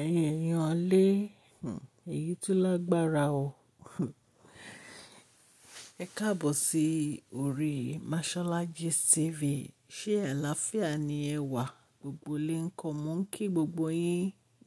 ẹ̀yin èèyàn lé hmm, èyí tún lágbára o ẹ káàbọ̀ sí orí Mashola Gist TV ṣé àlàáfíà ni ẹ wà gbogbo lè ń kọ́ mò ń kí gbogbo yín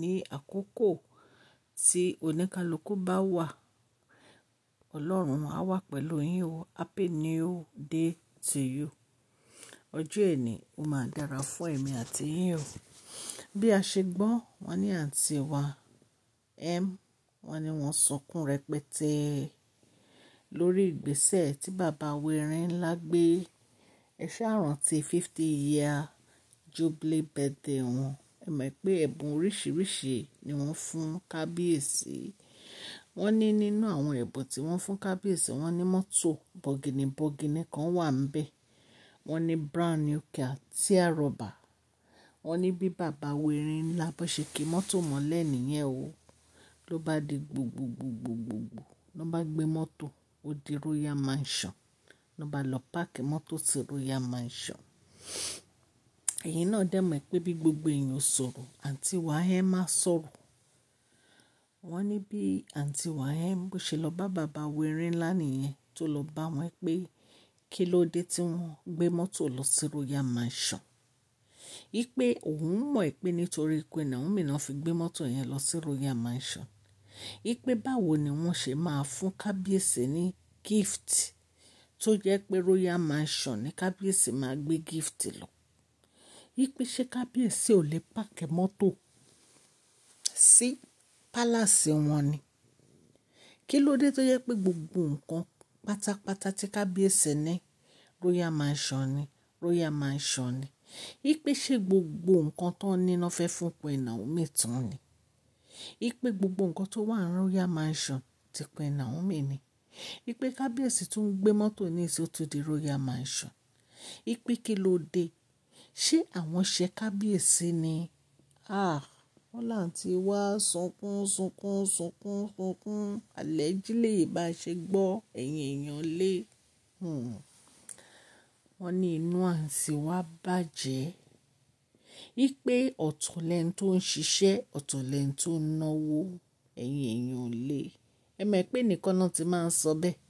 ní àkókò tí oníkálukú bá wà ọlọ́run á wà pẹ̀lú yín o happy new day to you ọjọ́ ẹ̀ní ó máa dára fún èmi àti yín o bí a ṣe gbọ́ wọn ní àǹtí wa m wọn ni wọ́n sọkún rẹpẹtẹ lórí ìgbésẹ̀ tí bàbá wẹrin ńlá gbé ẹ ṣàrántí fifty year jubilee birthday wọn ẹ mọ̀ pé ẹ̀bùn oríṣiríṣi ni wọ́n fún kábíyèsí wọ́n ní nínú àwọn ẹ̀bùn tí wọ́n fún kábíyèsí wọ́n ní mọ́tò bọ̀gìnìbọ̀gìnì kan wà ń bẹ̀ wọ́n ní brand new car tíà wọ́n ní bí bàbá werin ńlá bó ṣe kí mọ́tò mọ́lẹ̀ nìyẹn o ló bá di gbogbogbogbogbò ló bá gbé mọ́tò ó di royal mansion ló bá lọ páàkì mọ́tò sí royal mansion ẹ̀yin náà dẹ̀ mọ̀ pé bí gbogbo èèyàn sọ̀rọ̀ àǹtí wàhẹ́n má sọ̀rọ̀ wọ́n ní bí àǹtí wàhẹ́n bó ṣe lọ bá bàbá werin ńlá nìyẹn tó lọ bá wọn pé kí ló dé tí wọ́n gbé mọ́tò lọ sí royal mansion wípé òun mọ̀ pé nítorí pé Naomi náà fi gbé mọ́tò yẹn lọ sí Royal Mansion wípé báwo ni wọ́n ṣe máa fún kábíyèsí ní gift tó jẹ́ pé Royal Mansion ní kábíyèsí máa gbé gift lọ wípé ṣé kábíyèsí ò lè pàkẹ́ mọ́tò sí pálàsì wọn ni kí ló dé tó yẹ pé gbogbo nǹkan pátápátá tí kábíyèsí ní Royal Mansion ni Royal Mansion ni Ipe ṣe gbogbo nǹkan tó ní ná fẹ́ fún Queen Naomi tán ni. Ipe gbogbo nǹkan tó wà ní Royal Mansion ti Queen Naomi ni. Ipe kábíyèsí tún ń gbé mọ́tò ní ìsìn ó tún di Royal Mansion. Ipe kí ló dé? Ṣé àwọn ṣe kábíyèsí ni? Ah! Wọ́n là ń ti wá sunkún, sunkún, sunkún, sunkún. Allegedly bá ṣe gbọ́ ẹ̀yin èèyàn lé. Hmm wọ́n ní inú àǹtí wa bàjẹ́ wípé ọ̀tọ̀ lẹ́ni tó ń ṣiṣẹ́ ọ̀tọ̀ lẹ́ni tó ń náwó ẹ̀yin èèyàn ò lè ẹ mọ̀ pé nìkan náà ti máa ń sọ bẹ́ẹ̀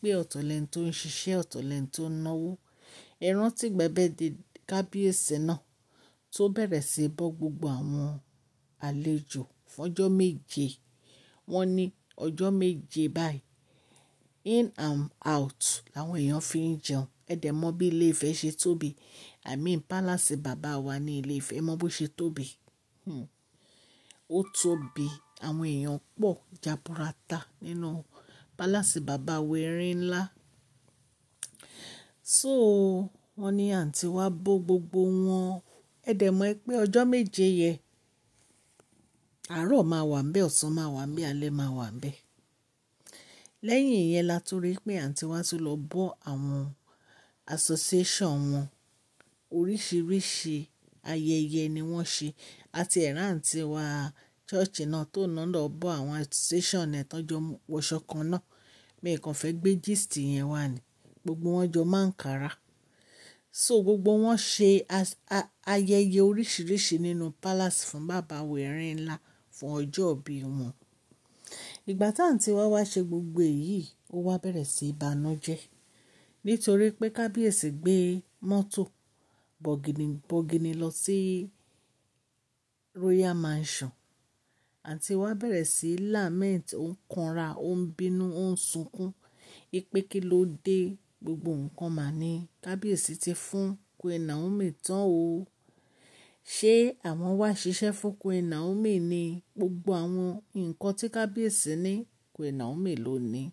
pé ọ̀tọ̀ lẹ́ni tó ń ṣiṣẹ́ ọ̀tọ̀ lẹ́ni tó ń náwó ẹ rántí gbẹ̀bẹ́ de kábíyèsí náà tó bẹ̀rẹ̀ sí bọ́ gbogbo àwọn àlejò fọjọ́ méje wọ́n ní ọjọ́ méje báyìí in and out làwọn èèyàn fi ń jẹun ẹ̀dẹ̀ mọ̀ bí ilé Ifẹ̀ ṣe tóbi i mean palace bàbá wa ní ilé Ifẹ̀ mọ̀ bó ṣe tóbi hmm. ó tóbi àwọn èèyàn pọ̀ jaburata nínú palace bàbá werin ńlá so wọ́n ní àǹtí wa bó gbogbo wọn ẹ̀dẹ̀ mọ̀ pé ọjọ́ méje yẹ àárọ̀ máa wà ń bẹ̀ máa wà ń bẹ̀ máa wà ń bẹ̀ ìyẹn la tún rí pé àǹtí wa tún lọ bọ́ àwọn association wọn oríṣiríṣi ayẹyẹ ni wọ́n ṣe àti ẹ̀ráǹtí wa ṣọ́ọ̀ṣì náà tó náà lọ bọ́ àwọn association ẹ̀ tán jọ wọṣọ kan náà bẹ́ẹ̀ kàn fẹ́ gbé gist yẹn wá ni gbogbo wọn jọ máa ń kára so gbogbo wọn ṣe ayẹyẹ oríṣiríṣi nínú palace fún bàbá wẹ̀rin ńlá fún ọjọ́ ìbí wọn ìgbà táǹtí wá wá ṣe gbogbo èyí ó wá bẹ̀rẹ̀ sí í nítorí pé kábíyèsí gbé mọ́tò bọ̀gìnìbọ̀gìnì lọ sí royal mansion àǹtí wa bẹ̀rẹ̀ sí lament ó ń kanra ó ń bínú ó ń sunkún ipe kí ló dé gbogbo nǹkan mà ní kábíyèsí ti fún queen naomi tán o ṣé àwọn wá ṣiṣẹ́ fún queen naomi ni gbogbo àwọn nǹkan tí kábíyèsí ní queen naomi ló ní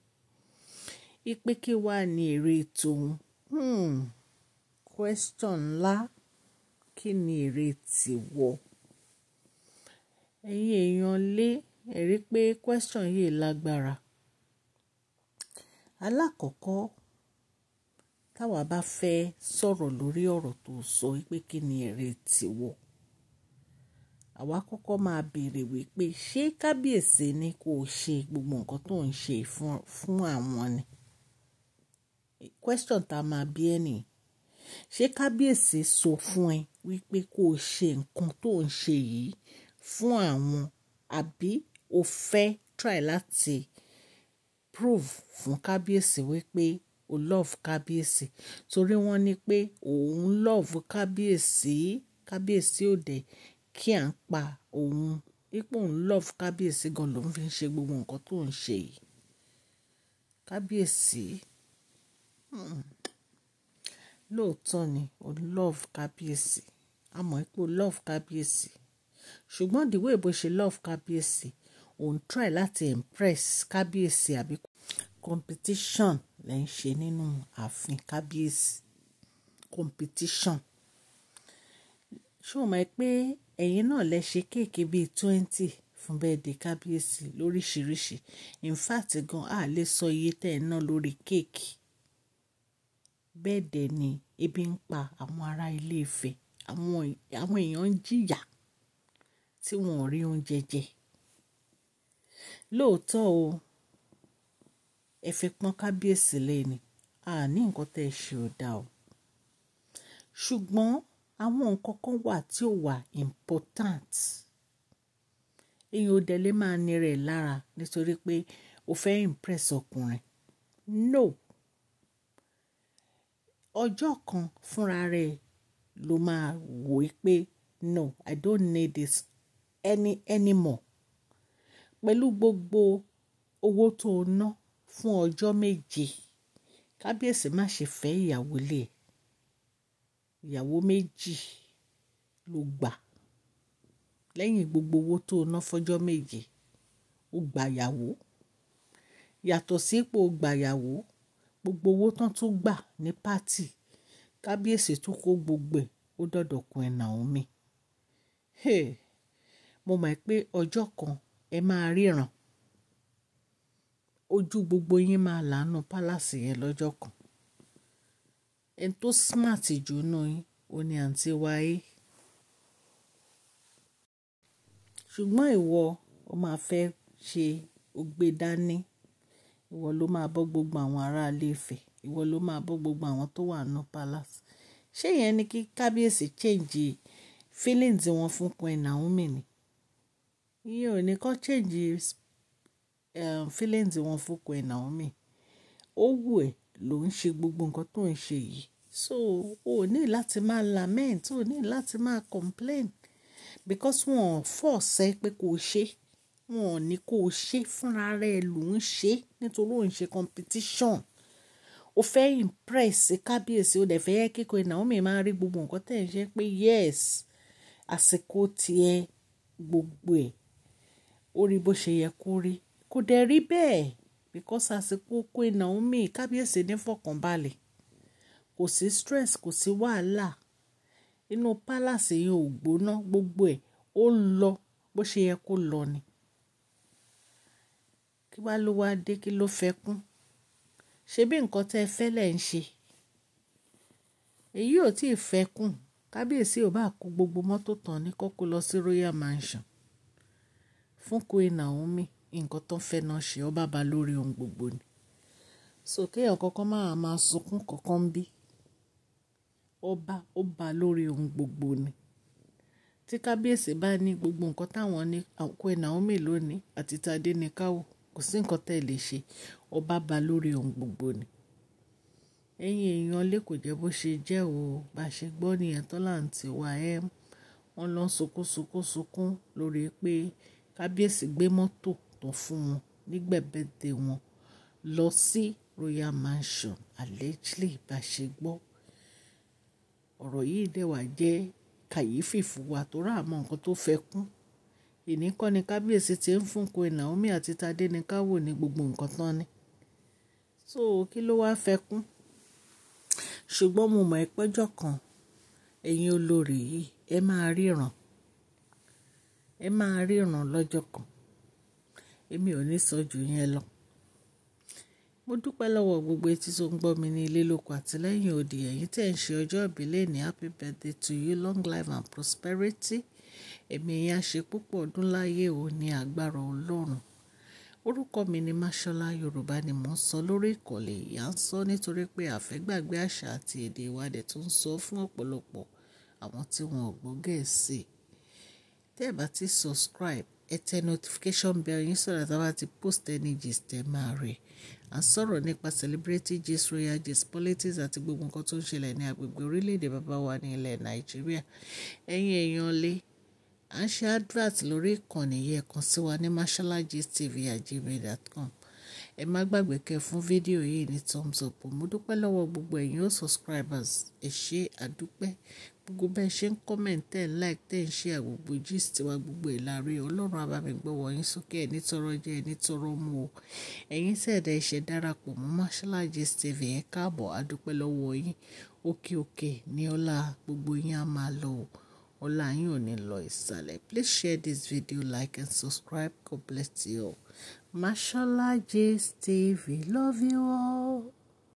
ipe kí wàá èrè tòun hmm. question ńlá kí ni èrè tìwọ ẹ̀yin èèyàn lé ẹ̀rí pé question yìí lágbára alákọ̀ọ́kọ́ táwa bá fẹ́ sọ̀rọ̀ lórí ọ̀rọ̀ tó sọ pé kí ni èrè tìwọ àwa kọ́kọ́ máa béèrè wípé ṣé kábíyèsí ni kò ṣe gbogbo nǹkan tó ń ṣe fún àwọn ni question tá a máa bí ẹ nìyí ṣé kábíyèsí sọ fún ẹ wípé kó o ṣe nǹkan tó ń ṣe yìí fún àwọn àbí o fẹ́ try láti prove fún kábíyèsí wípé o love kábíyèsí torí wọ́n ní pé òun love kábíyèsí kábíyèsí òde kí à ń pa òun ipò òun love kábíyèsí gan lòun fi ń ṣe gbogbo nǹkan tó ń ṣe yìí kábíyèsí lóòótọ́ ni o love kábíyèsí a mọ̀ pé o love kábíyèsí ṣùgbọ́n the way bó ṣe love kábíyèsí òun try láti impress kábíyèsí àbí competition lẹ́ ń ṣe nínú ààfin kábíyèsí competition ṣé o mọ̀ pé ẹ̀yin náà lẹ ṣe kéèké bíi twenty fún bẹ́ẹ̀dẹ̀ kábíyèsí lóríṣìíríṣìí in fact gan a lè sọ iye tẹ́ ẹ̀ ná lórí kéèkì bẹ́ẹ̀ dẹ̀ ni ebi ń pa àwọn ará ilé Ifẹ̀ àwọn àwọn èèyàn ń jìyà tí wọn ò rí oúnjẹ jẹ lóòótọ́ o ẹ fi pọ́n kábíyèsí lẹ́ni àní nǹkan tẹ́ ẹ ṣe ò dáa o ṣùgbọ́n àwọn nǹkan kan wà tí ò wà important èèyàn ò máa ní rẹ̀ lára nítorí pé o fẹ́ impress ọkùnrin no ọjọ́ kan fúnra rẹ̀ ló máa wò ó pé no i don't need this any anymore pẹ̀lú gbogbo owó tó o ná fún ọjọ́ méje kábíyèsí má ṣe fẹ́ ìyàwó lé e. ìyàwó méjì ló gbà lẹ́yìn gbogbo owó tó o ná fọjọ́ méje ó gbàyàwó yàtọ̀ sípò gbàyàwó gbogbo owó tán tún gbà ní pátì kábíyèsí tún kó gbogbo ẹ̀ ó dọ̀dọ̀ kun ẹ̀ Naomi hey, mo mọ̀ pé ọjọ́ kan ẹ máa ríran ojú gbogbo yín máa làánú pálásì yẹn lọ́jọ́ kan ẹni tó smart jù nù yín ó ní àǹtí wáyé ṣùgbọ́n ìwọ ó máa fẹ́ ṣe ó gbé dání ìwọ ló máa bọ́ gbogbo àwọn ará ilé Ifẹ̀ ìwọ ló máa bọ́ gbogbo àwọn tó wà nù palace ṣé yẹn ni kí kábíyèsí change feelings wọn fún Queen Naomi ni iye ò ní kọ́ change um, feelings wọn fún Queen Naomi ó wù ẹ́ ló ń ṣe gbogbo nǹkan tó ń ṣe yìí so o ní láti máa lament o ní láti máa complain because wọn ò fọ́ ọ̀sẹ́ pé kò ṣe é wọn ò ní kó o ṣe fúnra rẹ ló ń ṣe nítorí ò ṣe competition o fẹ́ impress kábíyèsí o dẹ̀ fẹ́ yẹ kíkọ Naomi máa rí gbogbo nǹkan tẹ̀ ń ṣe pé yes àsìkò tiẹ̀ gbogbo ẹ̀ ó rí bó ṣe yẹ kó rí kò dẹ̀ rí bẹ́ẹ̀ because àsìkò kó Naomi kábíyèsí ní fọkànbalẹ̀ kò sí stress kò sí wàhálà inú pálàsì yìí ò gbóná gbogbo ẹ̀ ó lọ bó ṣe yẹ kó lọ ni kí wàá ló wáá dé kí ló fẹ́ kún ṣé bí nǹkan tẹ́ ẹ fẹ́ lẹ̀ ń ṣe èyí ò tí ì fẹ́ kún kábíyèsí ò bá kó gbogbo mọ́tò tán ní kókó lọ sí royal mansion fún Queen Naomi nǹkan tó ń fẹ́ náà ṣe ọba bá lórí ohun gbogbo ni sókè ọ̀kọ̀ọ̀kan máa máa sunkún kọ̀ọ̀kan ń bí ọba ó bá lórí ohun gbogbo ni tí kábíyèsí bá ní gbogbo nǹkan táwọn ní Queen Naomi lónìí àti tadé ní káwọ́ kò sí nǹkan tẹ́ ẹ lè ṣe ọba ba lórí ohun gbogbo ni ẹ̀yin èèyàn lè kò jẹ́ bó ṣe jẹ́ o bá ṣe gbọ́ nìyẹn tán là ń tiwa ẹ̀ wọ́n lọ sunkún sunkún sunkún lórí pé kábíyèsí gbé mọ́tò tó fún wọn nígbẹ̀bẹ̀dẹ̀ wọn lọ sí royal mansion allegedly bá ṣe gbọ́ ọ̀rọ̀ yìí dẹ̀ wá kàyéfì fún wa tó rà mọ́ nǹkan tó fẹ́ kún ìní ni kábíyèsí ti ń fún Queen Naomi àti Tadé ní káwò ní gbogbo nǹkan tán ni so kí ló wáá fẹ́ kún ṣùgbọ́n mo mọ̀ ẹ́ pẹ́jọ́ kan ẹ̀yin olórí yìí ẹ máa ríran ẹ máa ríran lọ́jọ́ kan èmi ò ní sọ jù yẹn lọ mo dúpẹ́ lọ́wọ́ gbogbo etí tó ń gbọ́ mi ní ilé lóko àti lẹ́yìn odi tẹ̀ ń ṣe ọjọ́ ìbílẹ̀ ní happy birthday to you long life and prosperity Ẹ̀mí yẹn á ṣe púpọ̀ ọdún láyé o ní agbára Ọlọ́run. Orúkọ mi ni Máṣọ́lá Yorùbá ni mò ń sọ lórí ìkọ̀lẹ̀ yìí. À ń sọ nítorí pé àfẹ́gbàgbé àṣà àti èdè wa dẹ̀ tún ń sọ fún ọ̀pọ̀lọpọ̀ àwọn tí wọn ò gbọ́ Gẹ̀ẹ́sì. Tẹ́ ẹ bá ti subscribe, ẹ tẹ notification bell yín sọ̀rọ̀ tí a post any gist ẹ máa rí. À ń sọ̀rọ̀ nípa celebrity gist, royal gist, politics àti gbogbo nǹkan tó ń ṣẹlẹ̀ ní agbègbè orílẹ̀-èdè bàbá wa ní ilẹ̀ Nàìjíríà. Ẹ̀yin èèyàn lé a ṣe advert lórí ìkànnì yẹn kan sí wa ní masholagistv@gmail.com ẹ má gbàgbé kẹ fún fídíò yìí ní thumbs up mo dúpẹ́ lọ́wọ́ gbogbo ẹ̀yin ó subscribers ẹ ṣé àdúpẹ́ gbogbo bẹ́ẹ̀ ṣe ń comment tẹ̀ ń like tẹ̀ ń share gbogbo gist tiwa gbogbo ẹ̀ láre ọlọ́run abámigbọ́wọ́ yín sókè ẹ̀ nítorọ́ jẹ́ ẹ̀ nítorọ́ mu o ẹ̀yin sẹ̀dá ẹ̀ṣẹ̀ darapọ̀ mọ́ Mashola Gist TV ẹ̀ káàbọ̀ àdúpẹ́ lọ́wọ́ yín òkè òkè ní ọlá gbogbo yín á máa lọ ọlá lọ ìsàlẹ̀ please share this video like and subscribe god bless you all mashola Steve, we love you all.